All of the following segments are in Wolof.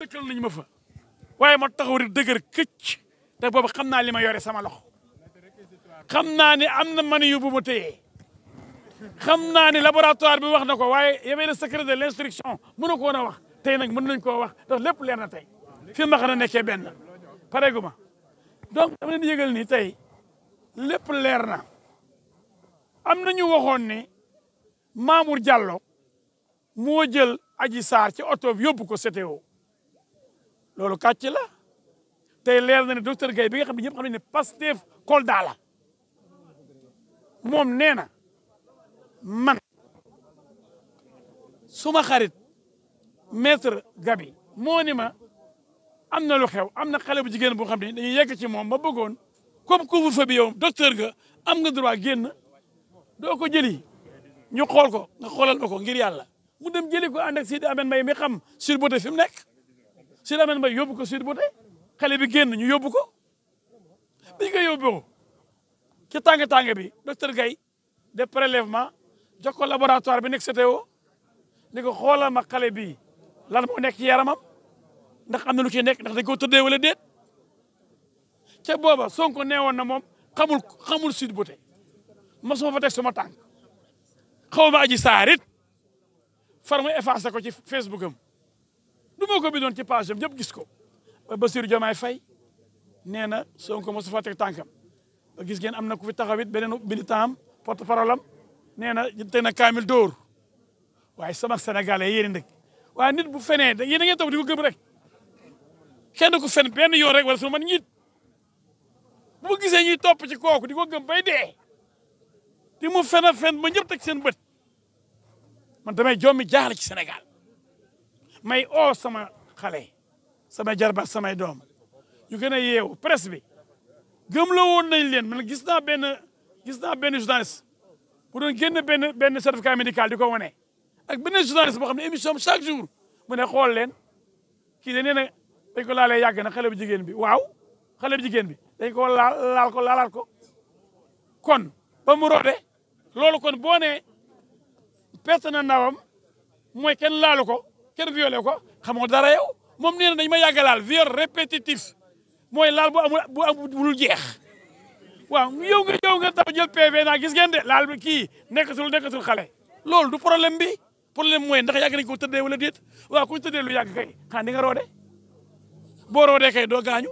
dëkkal nañ ma fa waaye ma taxaw rek dëgër këcc te boobu xam naa li ma yore sama loxo xam naa ni am na mani yu bu ma xam naa ne laboratoire bi wax na ko waaye y avait le secret de l'instruction mënu ko woon a wax tey nag mën nañ koo wax ndax lépp leer na tey fi ma xana nekkee benn pareegu ma donc dama leen yëgal ni tey lépp leer na am na ñu waxoon ne Mamour Diallo moo jël aji Sarr ci oto bi yóbbu ko CTO loolu kàcc la tey leer na ne docteur Gaye bi nga xam ne ñëpp xam nañ ne Pastef Kolda la moom nee na man suma xarit maître Gabi moo ni ma am na lu xew am na xale bu jigéen boo xam ne dañuy yegg ci moom ma bëggoon comme couvre-feu bi yow docteur ga am nga droit génn doo ko jëli ñu xool ko nga xoolal ma ko ngir yàlla mu dem jëli ko ànd ak Sidi Ahmed Mbaye mi xam sur bote fi mu nekk سيلا من باي يوبكو سير بوتي خالي بي ген ني يوبكو بيغا يوبو كي تانغ تانغ بي دكتور غاي دي بريليفمون جوكو لابوراتوار بي نيك سيتيو نيكو خولا ما خالي بي لان مو نيك يارامام ناخ امنا لوشي نيك ناخ ديكو تودي ولا ديت تي بوبا سونكو نيوون نا موم خامول خامول سير بوتي ما سوما فاتيك سوما تانغ خوما اجي ساريت فرمي افاسكو سي فيسبوكم du ma ko bindoon ci page am ñëpp gis ko ba Bassirou Diomaye Faye nee na Sonko mosu tànkam ba gis ngeen am na ku fi taxawit beneen militant am porte parole am nee na teg na kaamil dóor waaye sama sénégalais yéen ndek waaye nit bu fenee da yéen a toog di ko gëm rek kenn ku fen benn yoon rek wala su man ñit bu gisee ñuy topp ci kooku di ko gëm bay dee di mu fen fen ba ñëpp teg seen bët demee damay jommi jaaxle ci senegal may oo sama xale sama jarbat samay doom ñu gën a yeewu presse bi gëmloo woon nañ leen man gis naa benn gis naa benn journaliste bu doon génn benn benn certificat médical di ko wane ak benn journaliste boo xam ne émission am chaque jour mu ne xool leen kii da nee na dañ ko laalee yàgg na xale bu jigéen bi waaw xale bu jigéen bi dañ ko laal laal ko laalaat ko kon ba mu roode loolu kon boo nee perte na ndawam mooy kenn laalu ko kenn violé ko xamoo dara yow moom nee na dañ ma yàgg laal viol répétitif mooy laal boo amul bu amul bu dul jeex waaw yow nga yow nga taw jël PV naa gis ngeen de laal bi kii nekkatul nekkatul xale. lool du problème bi problème mooy ndax yàgg nañ ko tëddee wala déet waa ku ñu tëddee lu yàgg kay xanaa di nga roode boo roodee kay doo gaañu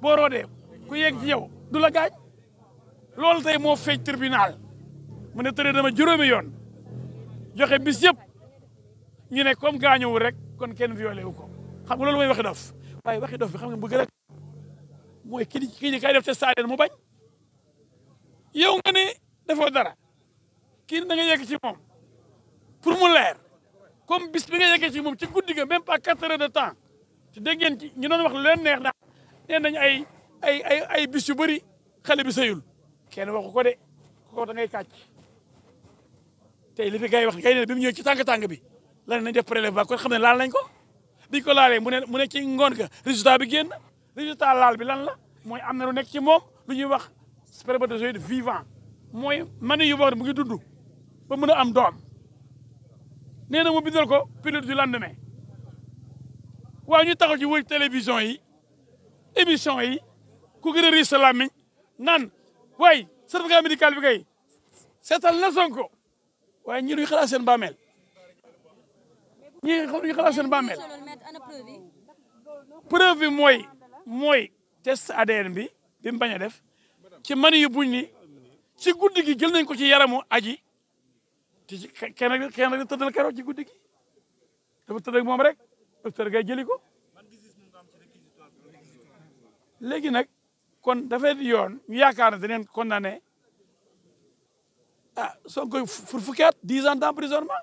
boo roodee ku yegg ci yow du la gaañ loolu tey moo feeñ tribunal mu ne tëree dama juróomi yoon joxe bis ñu ne comme gaañuwul rek kon kenn yoole wu ko xam nga loolu mooy waxi dof waaye waxi dof bi xam nga bu gën a mooy kii di kay def te mu bañ yow nga ne defoo dara kii da nga yegg ci moom pour mu leer comme bis bi nga yeggee ci moom ci guddi ga même pas quatre heures de temps ci dégg ngeen ci ñu doon wax lu neex ndax nee nañ ay ay ay ay bis yu bëri xale bi sëyul kenn wax ko de ko da ngay kàcc tey li fi gay wax gay ne bi mu ñëw ci tàng-tàng bi la ne nañ def prélèvement kon xam ne laal nañ ko biñ ko laalee mu ne mu ne ci ngoon ga résultat bi génn résultat laal bi lan la mooy am na lu nekk ci moom lu ñuy wax spermatozoïde vivant mooy mani yu boo mu ngi dund ba mën a am doom nee na mu bindal ko pilule du lendemain waa ñu taxaw ci wër télévision yi émission yi ku gën a riis sa làmmiñ naan waaye certificat médical bi kay seetal na Sonko waaye ñi duñ xalaat seen bàmmeel ñi ñu xalaat seen preuve bi mooy test ADN bi bi mu def ci mani yu buñ ni ci guddi gi jël nañ ko ci yaramu aji te ci kenn rek kenn rek tëddal keroog ci guddi gi dafa tëdd ak moom rek docteur de jëli ko léegi kon dafay di yoon ñu yaakaar condamné ah soo koy fur fukki at dix ans d'emprisonnement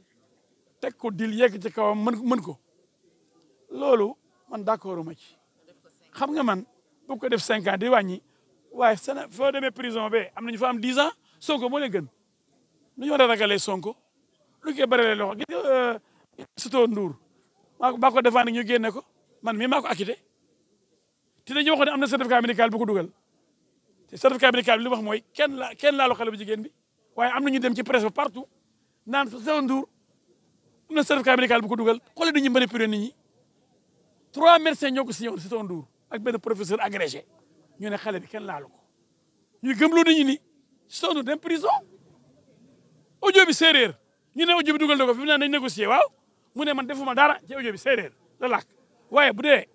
teg ko dil yegg ci kawam mën mën ko loolu man d'accordu ma ci xam nga man bu ko def cinq ans di wàññi waaye sena foo demee prison be am nañu fa am dix ans sonko moo leen gën lu ñu war a sonko lu koy baralee loxo gis nga euh, nduur maa ko baa ko defaan ñu génne ko man mii maa ko acquitté te dañu waxoon ne am na certificat médical bu ko dugal te certificat médical li wax mooy kenn la kenn laalu xale bu jigéen bi waaye am na ñu dem ci presse ba partout naan sutoo nduur am na certificat médical bu ko dugal xoolal nit ñi manipuler nit ñi trois médecins ñoo ko signé woon si ton Ndour ak benn professeur agrégé ñu ne xale bi kenn laalu ko ñu gëmloo nit ñi ni si ton Ndour dem prison audio bi séeréer ñu ne audio bi dugal na ko fi mu ne nañ négocier waaw mu ne man defuma dara ci audio bi séeréer la làkk waaye bu dee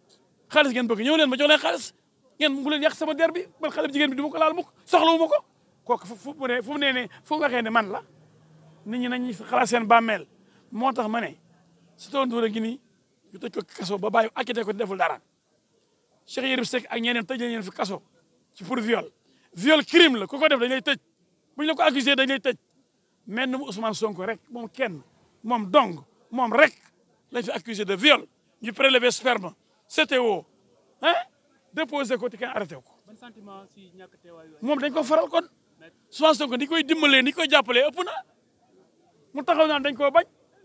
xaalis ngeen bëgg ñëw leen ma jox leen xaalis ngeen bu leen yàq sama der bi man xale bi bi du ma ko laal mukk soxlawu ma ko kooku fu mu ne fu mu ne fu mu ne man la nit ñi nañ seen moo tax ma ne Sitor Ndour a ngi nii tëj ko kaso ba bàyyi acquitté ko deful dara Cheikh Yérim Seck ak ñeneen tëj nañ fi kaso ci pour viol viol crime la ku ko def dañ lay tëj bu ñu ko accusé dañ lay tëj mais nu mu Ousmane Sonko rek moom kenn moom dong moom rek lañ fi accusé de viol ñu prélevé sperme CTO ah déposé ko te kenn arrêté ko. ban sentiment si ñàkk teewaay moom dañ ko faral kon Ousmane Sonko ni koy dimbalee ni koy jàppalee ëpp na mu taxaw naan dañ koo bañ.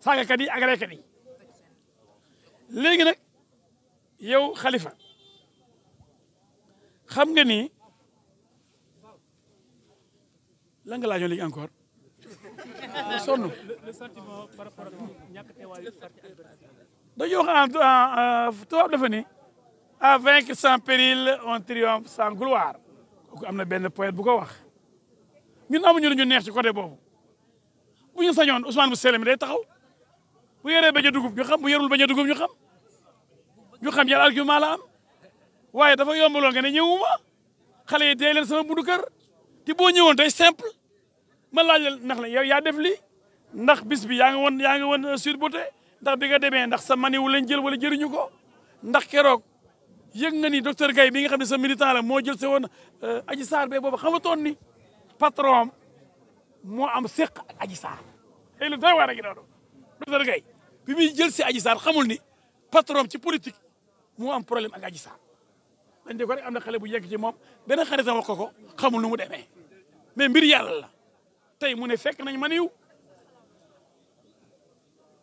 saagakat yi ak reykat léegi nag yow xalifa xam nga ni lan nga laajoon léegi encore sonn dañuy wax en tubaab dafa ni à vaincre sans péril on triomphe sans gloire kooku am na benn poète bu ko wax ñun amuñu lu ñu neex ci côté boobu bu ñu sañoon Ousmane bu Selemi day taxaw bu yoree baña dugub ñu xam bu yorul baña dugub ñu xam ñu xam yan argument la am waye dafa yombaloon nga ne ñewuma xalé yi dee sama buddu kër ti bo ñewon tey simple ma laaj nak la yow ya def li ndax bis bi ya nga won ya nga won euh, sur Beauté ndax bi nga démé ndax sa wu lañ jël wala jëriñu ko ndax keroog yëg nga ni docteur gay bi nga xam ne sa militant la mo jël sa won euh, aji sar be bobu xamatoon ni patron mo am sekk aji sar ay lu doy waar a ngi bi muy jël si Adji Sarr xamul ni patron ci politique moo am problème ak Adji dañ de ko rek bu yegg ci moom benn xaritam wax ko ko xamul nu mu demee mais mbir yàlla la tey mu ne fekk nañ ma niw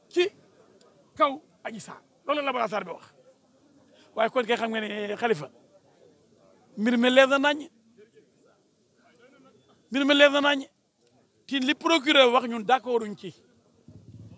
ci kaw Adji Sarr loolu la kon kay xam nga ne Khalifa mbir mi leer na nañ mbir mi leer na nañ tin li procureur wax ñun d'accorduñ ci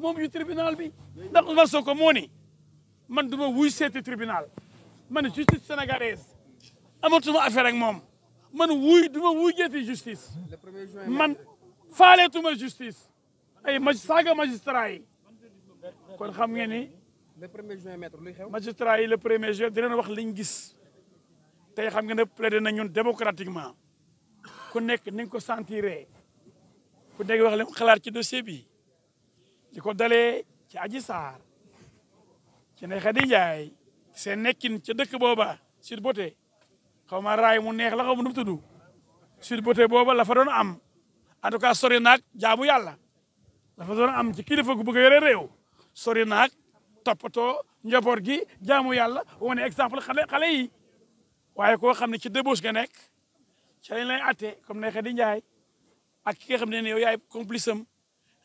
moom yu tribunal bi ndax Ousmane Sonko moo ni man du ma wuy seeti tribunal man justice sénégalaise amatuma affaire ak moom man wuy du ma wuy jeeti justice man faaleetuma justice ay mag saaga magistrat yi kon xam ngeen ni le premier juin maître luy xew magistrat yi le premier juin dinañ wax liñ gis tey xam nga ne plaidé na ñun démocratiquement ku nekk ni nga ko sentiree ku nekk wax li mu xalaat ci dossier bi li ko dalee ci aji saar ci ne Xadi seen nekkin ca dëkk booba Sweet Beauté xaw ma raay mu neex la xaw ma nu mu tudd Sweet booba la fa doon am en tout cas naag jaamu yàlla la fa doon am ci kilifa gu bëgg a yore réew sori naag toppatoo njaboot gi jaamu yàlla wane exemple xale xale yi waaye koo xam ne ci débauche nga nekk ci lañ lay atte comme ne Xadi Njaay ak ki nga xam ne ne am